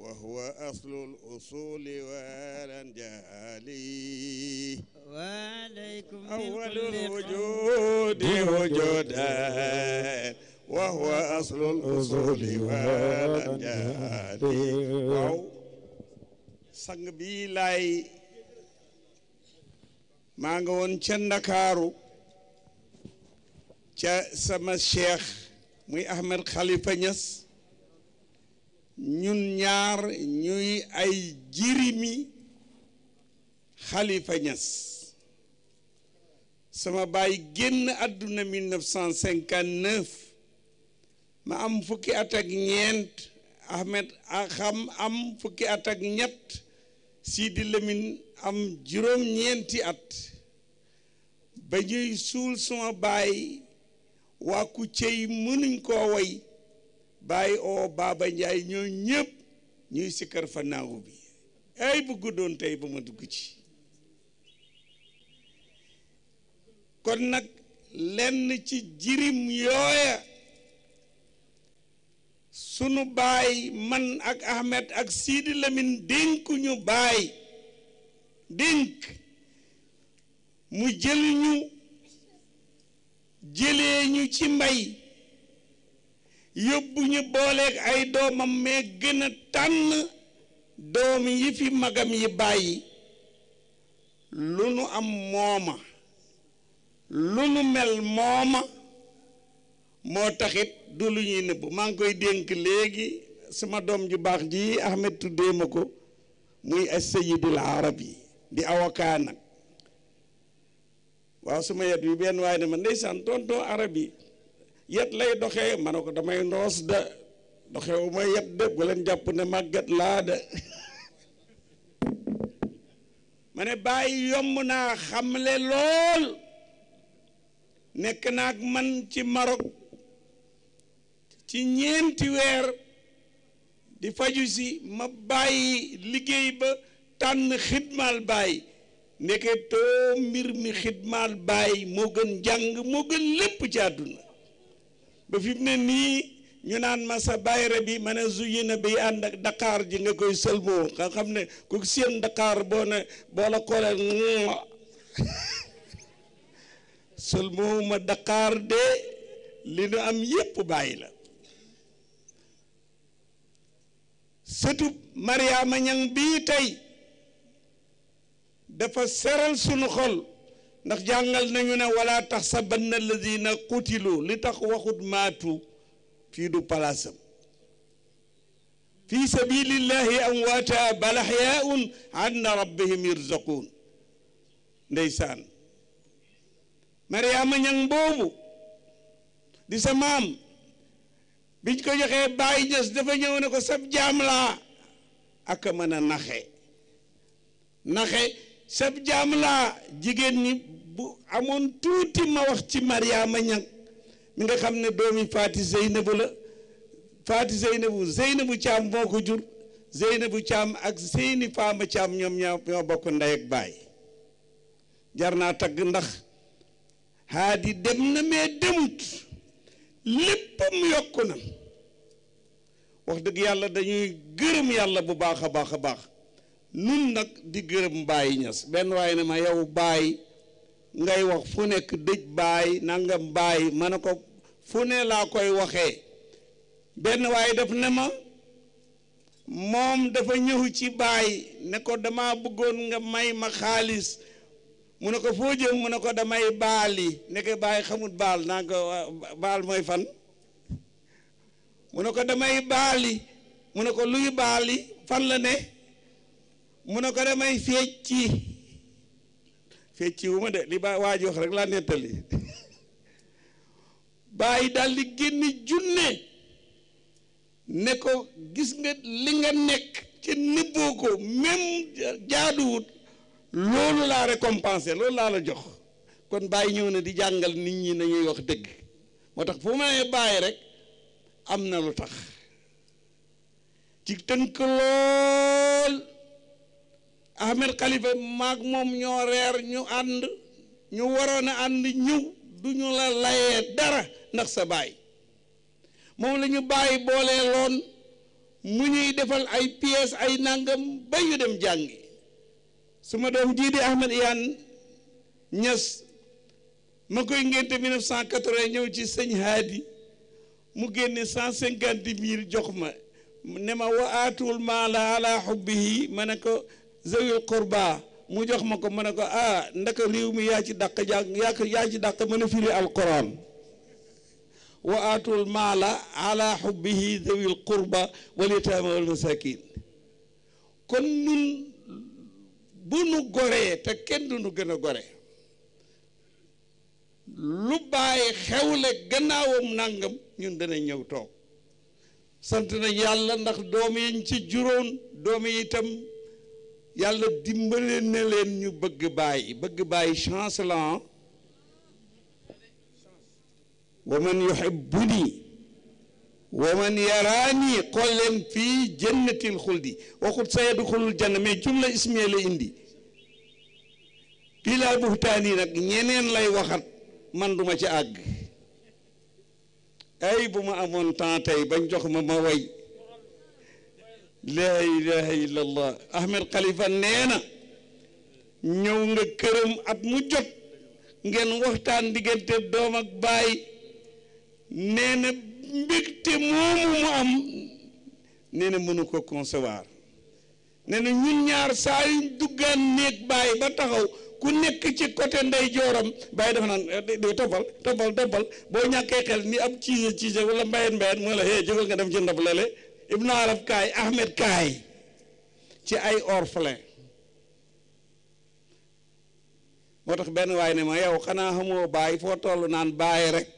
وهو أصل الأصول والأنجال وعليكم أول الوجود وجودا وهو أصل الأصول والأنجال waaw sang bi laay maa nga woon ca Ndakaaru ca sama cheikh muy Ahmed Khalifa Niass ñun ñaar ñuy ay jirimi Khalifa Niass sama baay génn àdduna 1959 ma am fukki at ak ñeent Ahmed Axam am fukki at ak ñett Sidi Lamine am juróom-ñeenti at ba ñuy suul sama baay waa ku mënuñ koo woy bàyyi oo baaba njaay ñoo ñëpp ñuy sikkar fa bi ay bu guddoon tey ba ma dugg ci kon nag lenn ci jirim yooya sunu baay man ak Ahmed ak Sidi lamin dénk ñu baay dénk mu jël ñu jëlee ñu ci mbay yóbbu ñu booleeg ay doomam mais gën a tànn doom yi fi magam yi bàyyi lu nu am mooma lu nu mel mooma moo taxit du lu ñuy nëbb maa ngi koy dénk léegi sama doom ju baax ji Ahmed tuddee ma ko muy as-sayyidul arab yi di avocat nag waaw sama yet bi benn waaye ne ma ndeysaan tonton arab yi yet lay doxe ma ne ko damay ndoos de doxewu ma yet de bu leen jàpp ne màgget laa de ma ne bàyyi yomb naa xamle lool nekk naag man ci Maroc ci ñeenti weer di faju si ma bàyyi liggéey ba tànn xidmaal baay nekke too mbir mi xidmaal baay moo gën jàng moo gën lépp ci àdduna ba fi mu ne nii ñu naan ma sa bayre bi ma ne zuyina bi ànd ak Dakar ji nga koy sëlmoo nga xam ne ku seen Dakar boo ne boo la koolee sëlmoo ma de li nu am yépp bàyyi la sëtu Mariama Ñang bii tey dafa seral sunu xol ndax jàngal nañu ne wala tax sabanna alladina qutilu li tax waxut maatu fii du palaasam fi sabilillahi amwaata bal ahyaun inda rabbihim yurzaqun ndeysaan mariama ñang boobu di sa maam biñ ko joxee bàyyi jës dafa ñëw ne ko sab jaam laa aka mën naxe naxe sab jaam laa jigéen ñi bu amoon tuuti ma wax ci Mariama Ñang mi nga xam ne doomi Faati Zeynabu la Faati Zeynabu Zeynabu Caam moo ko jur Zeynabu Caam ak Seyni Faama Caam ñoom ñoo bokk ndey ak baay jar naa tagg ndax Haadi dem na mais demut léppam yokku na wax dëgg yàlla dañuy gërëm yàlla bu baax a baax a baax nun nag di gërëm Baay Ñas benn waaye ne ma yow baay ngay wax fu nekk dëj baay nangam baay ma ne ko fu ne laa koy waxee benn waaye def ne ma moom dafa ñëw ci baay ne ko dama bëggoon nga may ma xaalis mu ne ko foo jëm mu ne ko damay baali ndeke baay xamut baal naa ko baal mooy fan mu ne ko damay baali mu ne ko luy baali fan la ne mu ne ko damay fecci fecci wu ma de li ba waa ji wax rek laa nettali bàyyi daal di génn junne ne ko gis nga li nga nekk ci nibboo ko même jaaduwut loolu laa récompensé loolu laa la jox kon bàyyi ñëw na di jàngal nit ñi nañuy wax dëgg moo tax fu ma nee bàyyi rek am na lu tax ci tënk lool Ahmed Khalifa maag moom ñoo reer ñu ànd ñu waroon a ànd ñëw du la layee dara ndax sa baay moom la ñu bàyyi boolee mu ñuy defal ay pièces ay nangam ba ñu dem jàngi su ma doom jii di Ahmed Iyane Niass ma koy ngénte 1980 ñëw ci sëñ Haadi mu génne 150 mille jox ma ne ma wa aatul maala ala xubbihi ma ne ko zawil qurba mu jox ma ko ma ne ko ah ndaka réew mi yaa ci dàq yaa yaa ci dàq mën a firi alquran wa atul maala ala xubbihi zawil qurba wal yataama wal masakin kon nun bu nu goree te kenn du nu gën a gore lu bàyyi xewle gannaawam nàngam ñun dana ñëw toog sant nañ yàlla ndax doom yi ñu ci juróon doom yi itam yàlla dimbale na leen ñu bëgg bàyyi bëgg bàyyi chance la ah. wa man yuhibbuni wa man yaraani xool leen fii jannatil xuldi waxut sayadxulul janna mais jumla ismiya la indi fii laa buxtaani nag ñeneen lay waxat man duma ci àgg ay bu ma amoon temps tey bañ jox ma ma way laa ilaha illa allah ahmed xalifa nee na ñëw nga këram at mu jot ngeen waxtaan diggante doom ak baay nee na mbégte moomu mu am nee na mënu ko concevoir nee na ñun ñaar saa yuñ duggaan néeg baay ba taxaw ku nekk ci côté ndey jooram bàyyi dafa naan eh, toppal toppal toppal boo ñàkkee xel ni ab ciise ciise wala mbayeen mbayeen moo la hee eh, jógal nga dem ci ndab lale Ibn Arab Kaay Ahmed Kaay ci ay orphelin moo tax benn waay ne ma yow xanaa xamoo baay foo toll naan bàyyi rek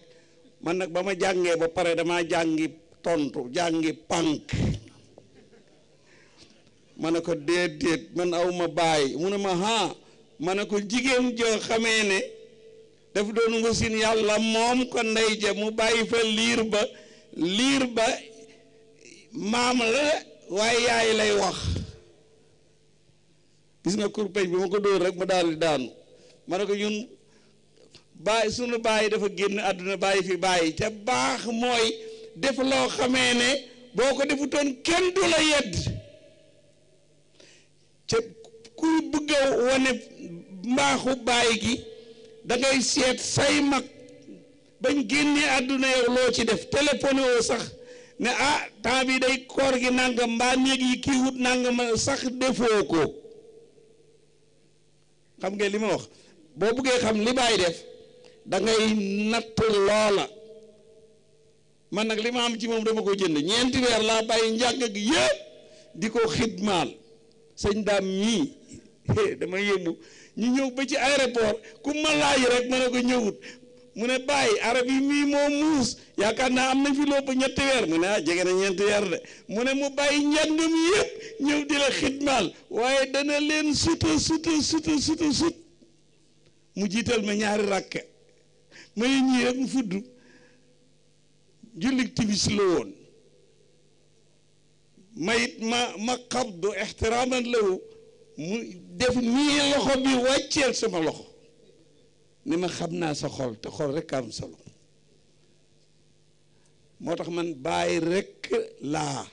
man nag ba ma jàngee ba pare damaa jàngi tontu jàngi pànk ma ne ko déedéet man aw ma baay mu ne ma ha ma ne ko jigéen joo xamee ne daf doon wasin yàlla moom ko ndey ja mu bàyyi fa liir ba liir ba maam la waaye yaay lay wax gis nga kurpeñ bi ma ko dóor rek ma daal daanu ma ne ko ñun baay sunu baay dafa génn àdduna bàyyi fi bàyyi te baax mooy def loo xamee ne boo ko defutoon kenn du la yedd te ku bëgg wane mbaaxu baay gi dangay seet say mag bañ génnee àdduna yow loo ci def téléphoné sax ne ah temps bi day koor gi nangam mbaa néeg yi kii wut nangam sax defoo ko xam ngeen li ma wax boo buggee xam li baay def da natt loola man nag li ma am ci moom dama ko jënd ñeenti weer laa bàyyi njàng gi yëpp di ko xidmaal sëñ daam ñii dama yëmbu ñu ñëw ba ci aéroport ku ma laaj rek ma ne ko ñëwut mu ne bàyyi arab yi mii moo muus yaakaar naa am nañ fi lopp ñetti weer mu ne ah jege na ñeenti weer de mu ne mu bàyyi njàngam yëpp ñëw di la xidmaal waaye dana leen sut suta sut suta sut mu jiital ma ñaari ràkk ma ne ñii rek mu fudd jullit timis la woon mayit ma ma xabdu ixtiraaman lahu mu def nii loxo bi wàcceel sama loxo ni ma xam naa sa xol te xol rek am solo moo tax man bàyyi rek laa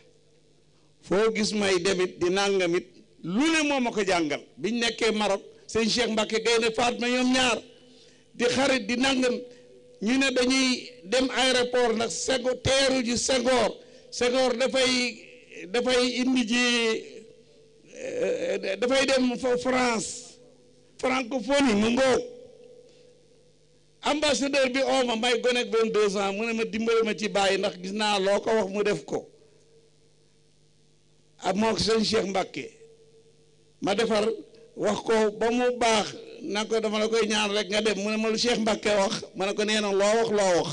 foo gis may demit di nàngamit lu ne moo ma ko jàngal biñ nekkee Maroc sëñ Cheikh Mbacke Gaynde Fatma ñoom ñaar di xarit di nàngam ñu ne dañuy dem aéroport ndax sego teeru ji Senghor Senghor dafay dafay indi ji eh, eh, dafay dem France francophonie mu ngoog ambassadeur bi ooma may gone ak mu ne ma dimbale ma ci bàyyi ndax gis naa loo ko wax mu def ko ak ah, moo ko sëñ Cheikh Mbacke ma defar wax ko ba mu baax na ko dama la koy ñaan rek nga dem mu ne ma lu Cheikh Mbacke wax ma ne ko nee na loo wax loo wax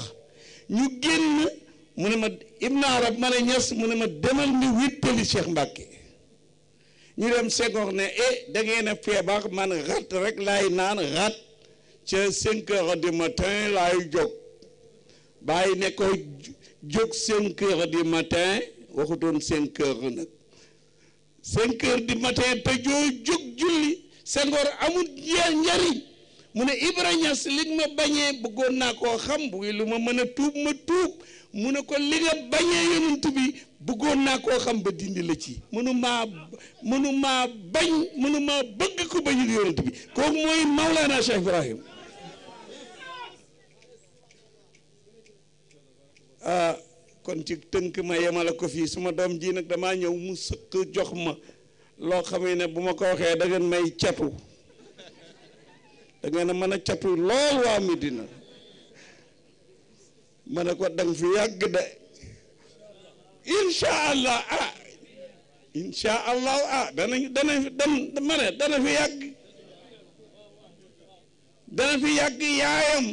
ñu génn mu ne ma Ibn Arab ma ne ñes mu ne ma demal ni wittali Cheikh Mbacke ñu dem Senghor ne eh da ngeen a feebar man rat rek laay naan rat ca cinq heures du matin laay jóg bàyyi ne ko jóg cinq heures du matin waxutoon cinq heures nag cinq heures du matin te joo jóg julli Senghor amul njariñ mu ne Ibra Ñas li nga ma bañee bëggoon naa koo xam bu lu ma mën a tuub ma tuub mu ne ko li nga bañee yonent bi bëggoon naa koo xam ba dindi la ci mënumaa mënumaa bañ mënumaa bëgg ko bañul yonent bi kooku mooy Mawlana Cheikh Ibrahim ah kon ci tënk ma yemale ko fii suma doom ji nag damaa ñëw mu sëkk jox ma loo xamee ne bu ma ko waxee da ngeen may catu da ngeen a mën ne ko dang yàgg de incha allah ah incha ah. dana fi yàgg dana fi yàgg yaayam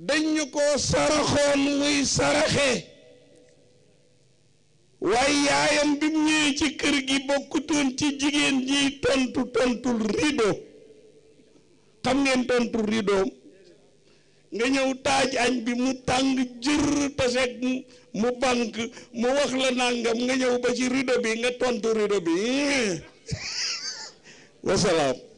dañu koo saraxoon muy saraxe waaye yaayam bi ñëwee ci kër gi bokkutoon ci jigéen ñiy tontu tontul rido xam ngeen tontu ridoom nga ñëw taaj añ bi mu tàng jër taseeg mu bank mu wax la nangam nga ñëw ba ci rido bi nga tontu rido bi wasalaam